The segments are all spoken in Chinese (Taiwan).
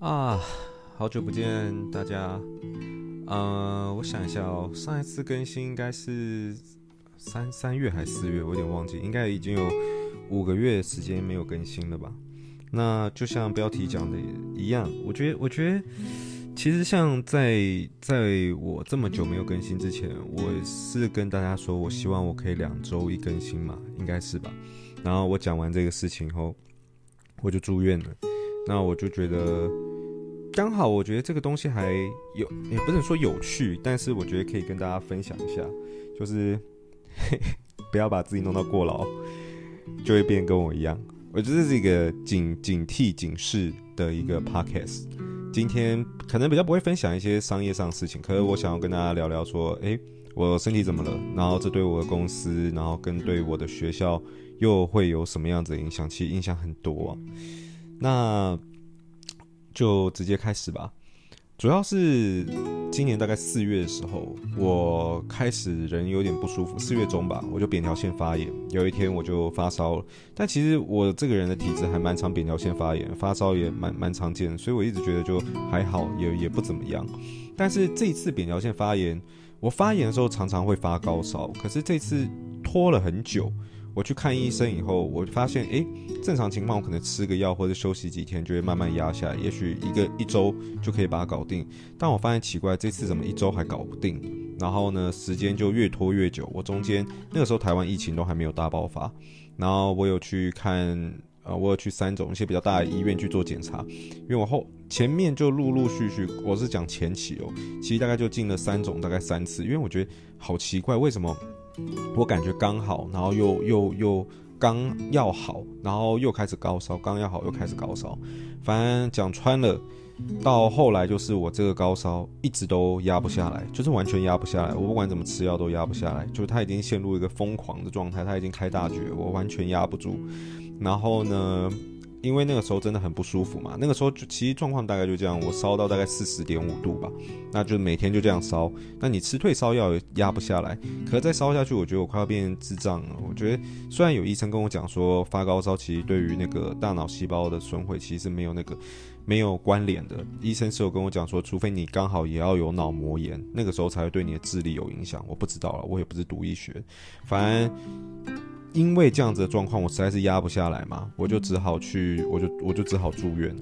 啊，好久不見大家，嗯、呃，我想一下哦，上一次更新應該是三三月還是四月，我有點忘記，應該已經有五個月的時間沒有更新了吧？那就像標題講的一樣，我覺得我覺得其實像在在我這麼久沒有更新之前，我是跟大家說，我希望我可以兩周一更新嘛，應該是吧？然後我講完這個事情後，我就住院了，那我就覺得。剛好我覺得這個東西還有，也、欸、不是說有趣，但是我覺得可以跟大家分享一下，就是呵呵不要把自己弄到過勞，就會變跟我一樣。我覺得這是一個警警惕警示的一個 podcast。今天可能比較不會分享一些商業上的事情，可是我想要跟大家聊聊說，誒、欸，我身體怎麼了？然後這對我的公司，然後跟對我的學校又會有什麼樣子的影響？其實影響很多、啊。那。就直接開始吧，主要是今年大概四月的時候，我開始人有點不舒服，四月中吧，我就扁桃腺發炎。有一天我就發燒了，但其實我這個人的體質還蠻常扁桃腺發炎，發燒也蠻蠻常見，所以我一直覺得就還好，也也不怎麼樣。但是這一次扁桃腺發炎，我發炎的時候常常會發高燒，可是這次拖了很久。我去看醫生以後，我發現，誒、欸，正常情況我可能吃個藥或者休息幾天就會慢慢壓下來，也許一個一週就可以把它搞定。但我發現奇怪，這次怎麼一週還搞不定？然後呢，時間就越拖越久。我中間那個時候台灣疫情都還沒有大爆發，然後我有去看，啊、呃，我有去三種一些比較大的醫院去做檢查，因為我後前面就陸陸續續，我是講前期哦，其實大概就進了三種，大概三次，因為我覺得好奇怪，為什麼？我感覺剛好，然後又又又剛要好，然後又開始高燒，剛要好又開始高燒。反正講穿了，到後來就是我這個高燒一直都壓不下來，就是完全壓不下來。我不管怎麼吃藥都壓不下來，就他已經陷入一個瘋狂的狀態，他已經開大絕，我完全壓不住。然後呢？因為那個時候真的很不舒服嘛，那個時候就其實狀況大概就這樣，我燒到大概四十點五度吧，那就每天就這樣燒，那你吃退燒藥也壓不下來，可是再燒下去，我覺得我快要變成智障了。我覺得雖然有醫生跟我講說，發高燒其實對於那個大腦細胞的損毀其實是沒有那個，沒有關聯的。醫生是有跟我講說，除非你剛好也要有腦膜炎，那個時候才會對你的智力有影響。我不知道了，我也不是讀醫學，反正。因為這樣子的狀況，我實在是壓不下來嘛，我就只好去，我就我就只好住院，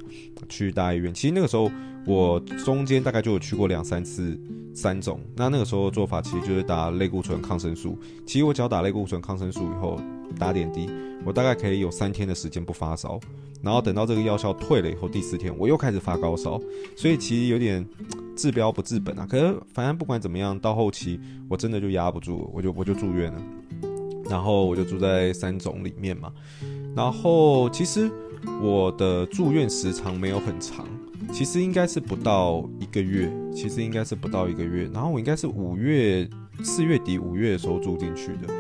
去大醫院。其實那個時候，我中間大概就有去過兩三次，三種。那那個時候的做法，其實就是打類固醇、抗生素。其實我只要打類固醇、抗生素以後打點滴，我大概可以有三天的時間不發燒。然後等到這個藥效退了以後，第四天我又開始發高燒，所以其實有點治標不治本啊。可是反正不管怎麼樣，到後期我真的就壓不住，我就我就住院了。然後我就住在三總裡面嘛，然後其實我的住院時長沒有很長，其實應該是不到一個月，其實應該是不到一個月。然後我應該是五月四月底五月的時候住進去的，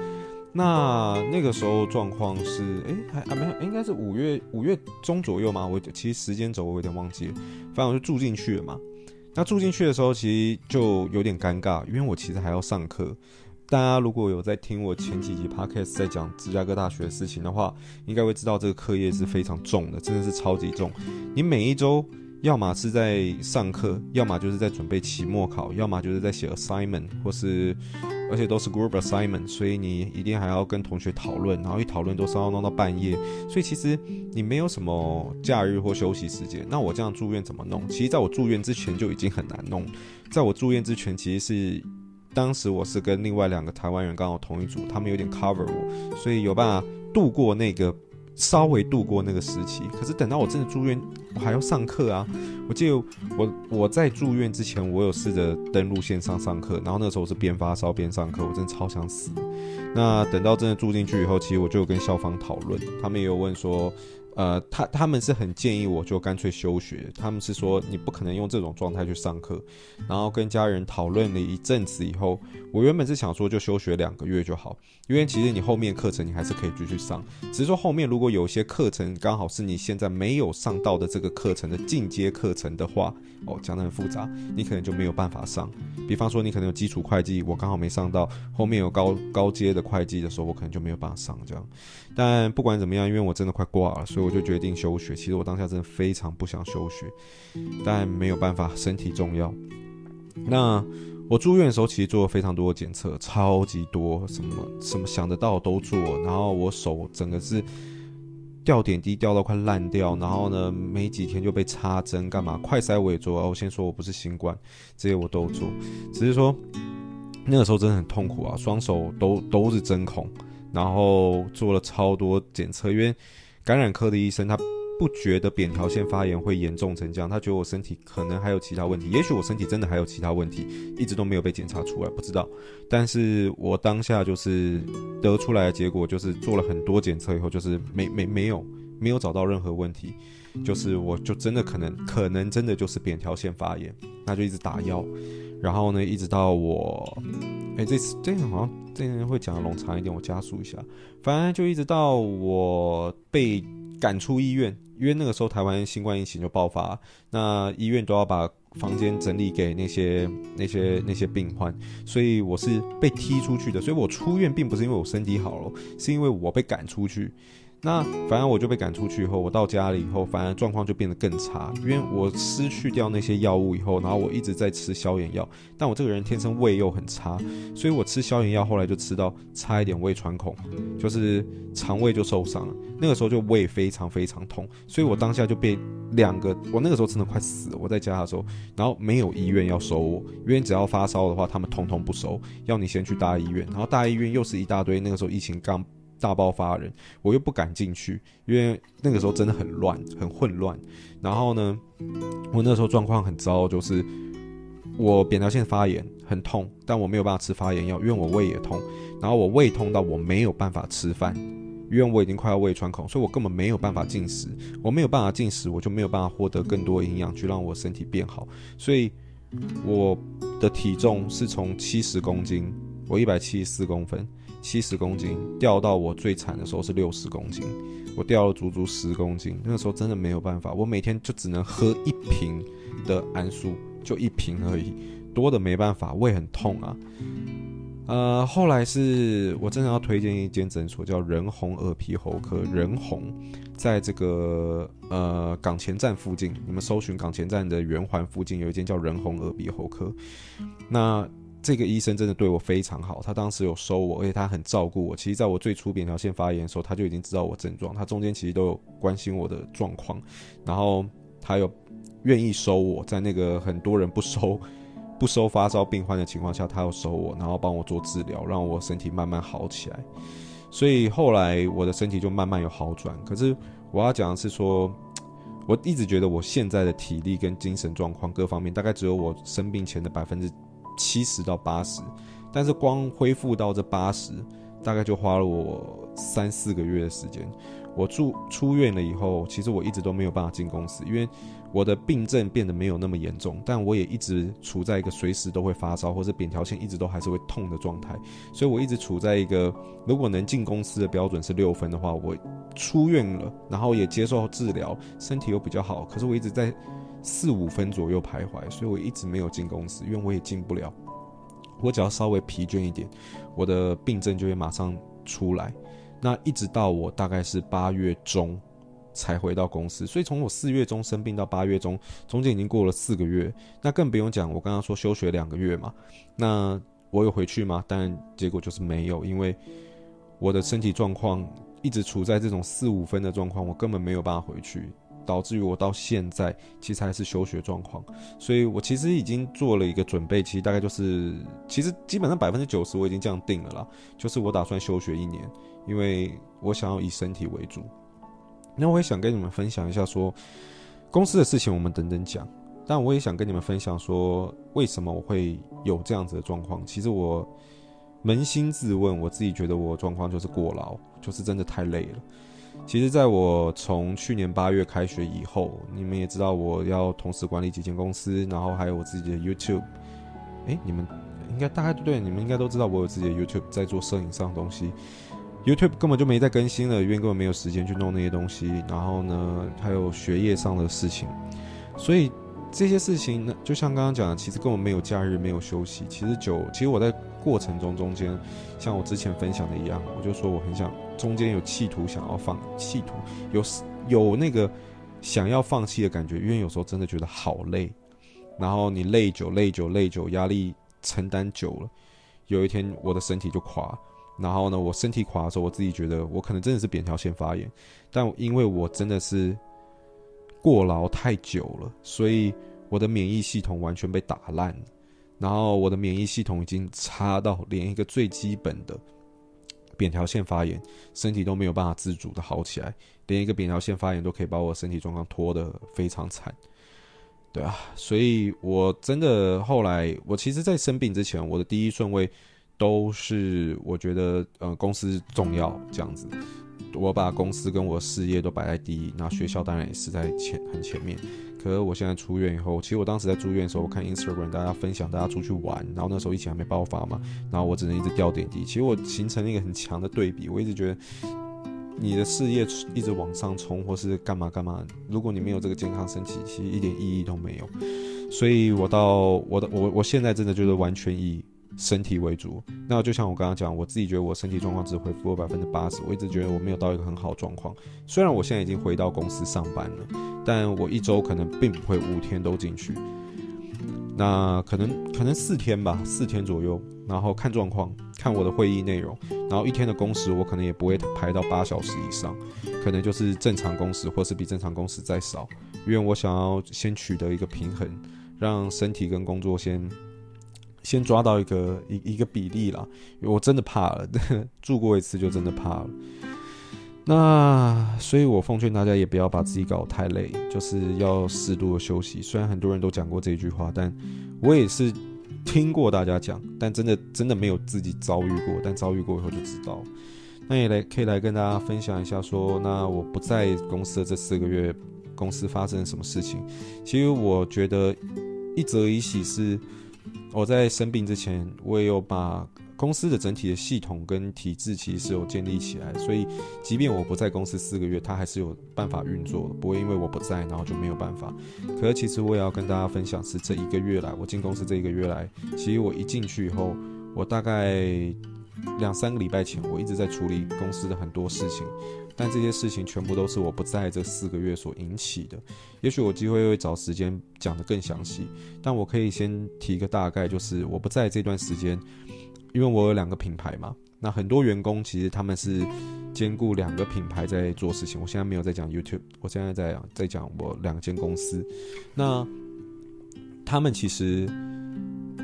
那那個時候狀況是，誒，還啊沒有，應該是五月五月中左右嘛。我其實時間軸我有點忘記了，反正我就住進去了嘛。那住進去的時候其實就有點尷尬，因為我其實還要上課。大家如果有在聽我前幾集 podcast 在講芝加哥大學的事情的話，應該會知道這個課業是非常重的，真的是超級重。你每一周要麼是在上課，要麼就是在準備期末考，要麼就是在寫 assignment 或是，而且都是 group assignment，所以你一定還要跟同學討論，然後一討論都常常弄到半夜。所以其實你沒有什麼假日或休息時間。那我這樣住院怎麼弄？其實，在我住院之前就已經很難弄。在我住院之前，其實是。當時我是跟另外兩個台灣人剛好同一組，他們有點 cover 我，所以有辦法度過那個稍微度過那個時期。可是等到我真的住院，我還要上課啊！我記得我我在住院之前，我有試着登錄線上上課，然後那時候我是邊發燒邊上課，我真的超想死。那等到真的住進去以後，其實我就有跟校方討論，他們也有問說。呃，他他們是很建議我就乾脆休學，他們是說你不可能用這種狀態去上課。然後跟家人討論了一陣子以後，我原本是想說就休學兩個月就好，因為其實你後面課程你還是可以繼續上，只是說後面如果有些課程剛好是你現在沒有上到的這個課程的進階課程的話，哦，講得很複雜，你可能就沒有辦法上。比方說你可能有基礎會計，我剛好沒上到，後面有高高階的會計的時候，我可能就沒有辦法上這樣。但不管怎麼樣，因為我真的快掛了，所以。我就決定休學。其實我當下真的非常不想休學，但沒有辦法，身體重要。那我住院的時候，其實做了非常多的檢測，超級多，什麼什麼想得到都做。然後我手整個是吊點滴，吊到快爛掉。然後呢，沒幾天就被插針，幹嘛快篩我也做。我先說我不是新冠，這些我都做。只是說那個時候真的很痛苦啊，雙手都都是針孔，然後做了超多檢測，因為。感染科的醫生，他不覺得扁桃腺發炎會嚴重成這樣，他覺得我身體可能還有其他問題，也許我身體真的還有其他問題，一直都沒有被檢查出來，不知道。但是我當下就是得出來的結果，就是做了很多檢測以後，就是沒沒沒有沒有找到任何問題，就是我就真的可能可能真的就是扁桃腺發炎，他就一直打藥。然後呢，一直到我，哎，這次，這次好像，這會講的冗長一點，我加速一下。反正就一直到我被趕出醫院，因為那個時候台灣新冠疫情就爆發，那醫院都要把房間整理給那些、那些、那些病患，所以我是被踢出去的。所以我出院並不是因為我身體好了，是因為我被趕出去。那反正我就被趕出去以後，我到家裡以後，反而狀況就變得更差，因為我失去掉那些藥物以後，然後我一直在吃消炎藥，但我這個人天生胃又很差，所以我吃消炎藥後來就吃到差一點胃穿孔，就是腸胃就受傷了，那個時候就胃非常非常痛，所以我當下就被兩個，我那個時候真的快死了，我在家的時候，然後沒有醫院要收我，因為只要發燒的話，他們通通不收，要你先去大醫院，然後大醫院又是一大堆，那個時候疫情剛。大爆發的人，我又不敢進去，因為那個時候真的很亂，很混亂。然後呢，我那時候狀況很糟，就是我扁桃腺發炎，很痛，但我沒有辦法吃發炎藥，因為我胃也痛。然後我胃痛到我沒有辦法吃飯，因為我已經快要胃穿孔，所以我根本沒有辦法進食。我沒有辦法進食，我就沒有辦法獲得更多營養去讓我身體變好。所以我的體重是從七十公斤，我一百七十四公分。七十公斤掉到我最慘的時候是六十公斤，我掉了足足十公斤。那個時候真的沒有辦法，我每天就只能喝一瓶的安素，就一瓶而已，多的沒辦法，胃很痛啊。呃，後來是我真的要推薦一間診所，叫仁弘耳鼻喉科。仁弘在這個呃港前站附近，你們搜尋港前站的圓環附近有一間叫仁弘耳鼻喉科。那這個醫生真的對我非常好，他當時有收我，而且他很照顧我。其實，在我最初扁桃腺發炎的時候，他就已經知道我症狀，他中間其實都有關心我的狀況，然後他又願意收我，在那個很多人不收、不收發燒病患的情況下，他又收我，然後幫我做治療，讓我身體慢慢好起來。所以後來我的身體就慢慢有好轉。可是我要講的是說，我一直覺得我現在的體力跟精神狀況各方面，大概只有我生病前的百分之七十到八十，但是光恢復到這八十，大概就花了我三四個月的時間。我住出院了以後，其實我一直都沒有辦法進公司，因為我的病症變得沒有那麼嚴重，但我也一直處在一個隨時都會發燒或是扁桃腺一直都還是會痛的狀態，所以我一直處在一個如果能進公司的標準是六分的話，我出院了，然後也接受治療，身體又比較好，可是我一直在，四五分左右徘徊，所以我一直沒有進公司，因為我也進不了。我只要稍微疲倦一點，我的病症就會馬上出來。那一直到我大概是八月中才回到公司，所以從我四月中生病到八月中，中間已經過了四個月。那更不用講，我剛剛說休學兩個月嘛，那我有回去嗎？但結果就是沒有，因為我的身體狀況一直處在這種四五分的狀況，我根本沒有辦法回去。導致於我到現在其實還是休學狀況，所以我其實已經做了一個準備，其實大概就是，其實基本上百分之九十我已經這樣定了啦，就是我打算休學一年，因為我想要以身體為主。那我也想跟你們分享一下，說公司的事情我們等等講，但我也想跟你們分享說，為什麼我會有這樣子的狀況？其實我捫心自問，我自己覺得我狀況就是過勞，就是真的太累了。其實，在我從去年八月開學以後，你們也知道，我要同時管理幾間公司，然後還有我自己的 YouTube、欸。哎，你們應該大概對，你們應該都知道，我有自己的 YouTube，在做攝影上的東西。YouTube 根本就沒在更新了，因為根本沒有時間去弄那些東西。然後呢，還有學業上的事情，所以這些事情呢，就像剛剛講的，其實根本沒有假日，沒有休息。其實九，其實我在。過程中，中間像我之前分享的一樣，我就說我很想中間有企圖想要放企圖有有那個想要放棄的感覺，因為有時候真的覺得好累，然後你累久累久累久，壓力承擔久了，有一天我的身體就垮，然後呢，我身體垮的時候，我自己覺得我可能真的是扁桃腺發炎，但因為我真的是過勞太久了，所以我的免疫系統完全被打爛了。然後我的免疫系統已經差到連一個最基本的扁桃腺發炎，身體都沒有辦法自主的好起來，連一個扁桃腺發炎都可以把我身體狀況拖得非常慘。對啊，所以我真的後來，我其實在生病之前，我的第一順位都是我覺得，呃，公司重要這樣子。我把公司跟我事業都擺在第一，那學校當然也是在前很前面。可是我現在出院以後，其實我當時在住院的時候，我看 Instagram 大家分享大家出去玩，然後那時候疫情還沒爆發嘛，然後我只能一直掉點滴。其實我形成了一個很強的對比，我一直覺得你的事業一直往上衝或是幹嘛幹嘛，如果你沒有這個健康身體，其實一點意義都沒有。所以我，我到我的我我現在真的覺得完全意義。身體為主，那就像我剛剛講，我自己覺得我身體狀況只恢復了百分之八十，我一直覺得我沒有到一個很好的狀況。雖然我現在已經回到公司上班了，但我一周可能並不會五天都進去，那可能可能四天吧，四天左右，然後看狀況，看我的會議內容，然後一天的工時我可能也不會排到八小時以上，可能就是正常工時，或是比正常工時再少，因為我想要先取得一個平衡，讓身體跟工作先。先抓到一個一一個比例啦，我真的怕了，住過一次就真的怕了。那所以，我奉勸大家也不要把自己搞得太累，就是要適度的休息。雖然很多人都講過這句話，但我也是聽過大家講，但真的真的沒有自己遭遇過。但遭遇過以後就知道。那也來可以來跟大家分享一下說，說那我不在公司的這四個月，公司發生了什麼事情？其實我覺得一則以喜是。我在生病之前，我也有把公司的整體的系統跟體制其實有建立起來，所以即便我不在公司四個月，他還是有辦法運作的，不會因為我不在，然後就沒有辦法。可是其實我也要跟大家分享是這一個月來，我進公司這一個月來，其實我一進去以後，我大概兩三個禮拜前，我一直在處理公司的很多事情。但這些事情全部都是我不在這四個月所引起的。也許我機會會找時間講得更詳細，但我可以先提一個大概，就是我不在這段時間，因為我有兩個品牌嘛。那很多員工其實他們是兼顧兩個品牌在做事情。我現在沒有在講 YouTube，我現在在在講我兩間公司。那他們其實。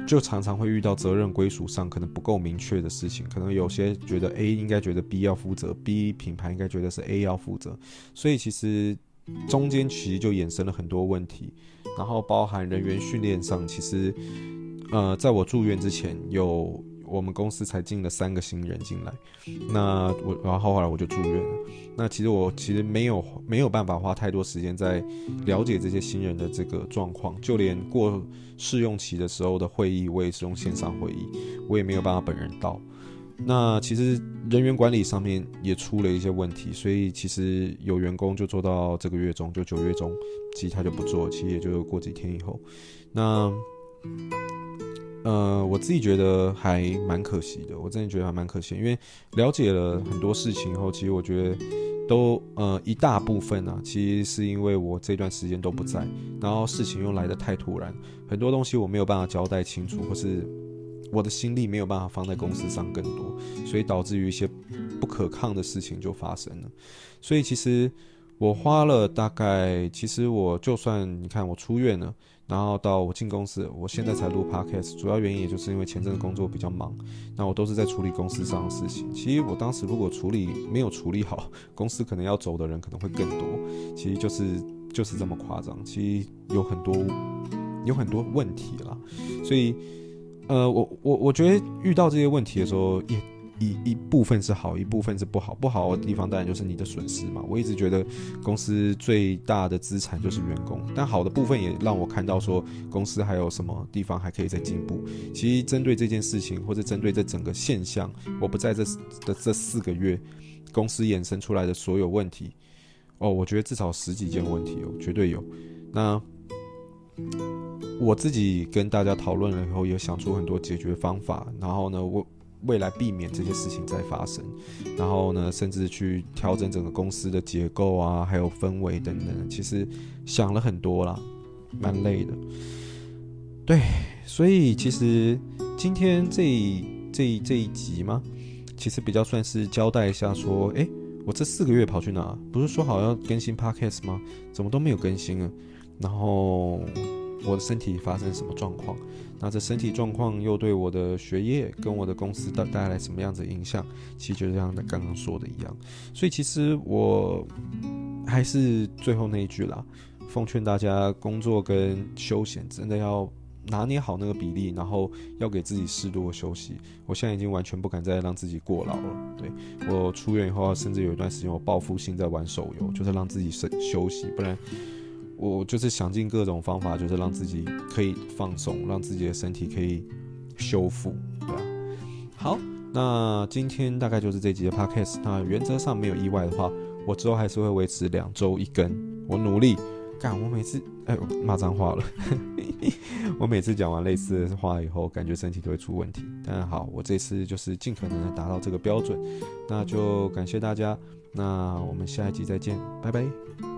就常常會遇到責任歸屬上可能不夠明確的事情，可能有些覺得 A 應該覺得 B 要負責，B 品牌應該覺得是 A 要負責，所以其實中間其實就衍生了很多問題，然後包含人員訓練上，其實呃，在我住院之前有。我們公司才進了三個新人進來，那我然後後來我就住院了。那其實我其實沒有沒有辦法花太多時間在了解這些新人的這個狀況，就連過試用期的時候的會議，我也是用線上會議，我也沒有辦法本人到。那其實人員管理上面也出了一些問題，所以其實有員工就做到這個月中，就九月中，其實他就不做，其實也就過幾天以後，那。呃，我自己覺得還蠻可惜的，我真的覺得還蠻可惜的，因為了解了很多事情以後，其實我覺得都呃一大部分呢、啊，其實是因為我這段時間都不在，然後事情又來得太突然，很多東西我沒有辦法交代清楚，或是我的心力沒有辦法放在公司上更多，所以導致於一些不可抗的事情就發生了。所以其實我花了大概，其實我就算你看我出院了。然後到我進公司，我現在才錄 podcast，主要原因也就是因為前陣子工作比較忙，那我都是在處理公司上的事情。其實我當時如果處理沒有處理好，公司可能要走的人可能會更多。其實就是就是這麼誇張。其實有很多有很多問題啦，所以呃，我我我覺得遇到這些問題的時候也。一一部分是好，一部分是不好。不好的地方當然就是你的損失嘛。我一直覺得公司最大的資產就是員工，但好的部分也讓我看到說公司還有什麼地方還可以再進步。其實針對這件事情，或者針對這整個現象，我不在這的這四個月公司衍生出來的所有問題，哦，我覺得至少十幾件問題哦、喔，絕對有。那我自己跟大家討論了以後，也想出很多解決方法。然後呢，我。未來避免這些事情再發生，然後呢，甚至去調整整個公司的結構啊，還有氛圍等等，其實想了很多啦，蠻累的。對，所以其實今天這這一這一集嘛，其實比較算是交代一下，說，哎，我這四個月跑去哪？不是說好要更新 podcast 嗎？怎麼都沒有更新啊？然後我的身體發生什麼狀況？那這身體狀況又對我的學業跟我的公司帶帶來什麼樣子的影響？其實就像他剛剛說的一樣，所以其實我還是最後那一句啦，奉勸大家工作跟休閒真的要拿捏好那個比例，然後要給自己適度的休息。我現在已經完全不敢再讓自己過勞了。對，我出院以後，甚至有一段時間我報復性在玩手遊，就是讓自己休息，不然。我就是想盡各種方法，就是讓自己可以放鬆，讓自己的身體可以修復，對吧？啊？好，那今天大概就是這集的 podcast。那原則上沒有意外的話，我之後還是會維持兩周一更。我努力，幹！我每次哎呦罵髒話了， 我每次講完類似的話以後，感覺身體都會出問題。但好，我這次就是盡可能的達到這個標準。那就感謝大家，那我們下一集再見，拜拜。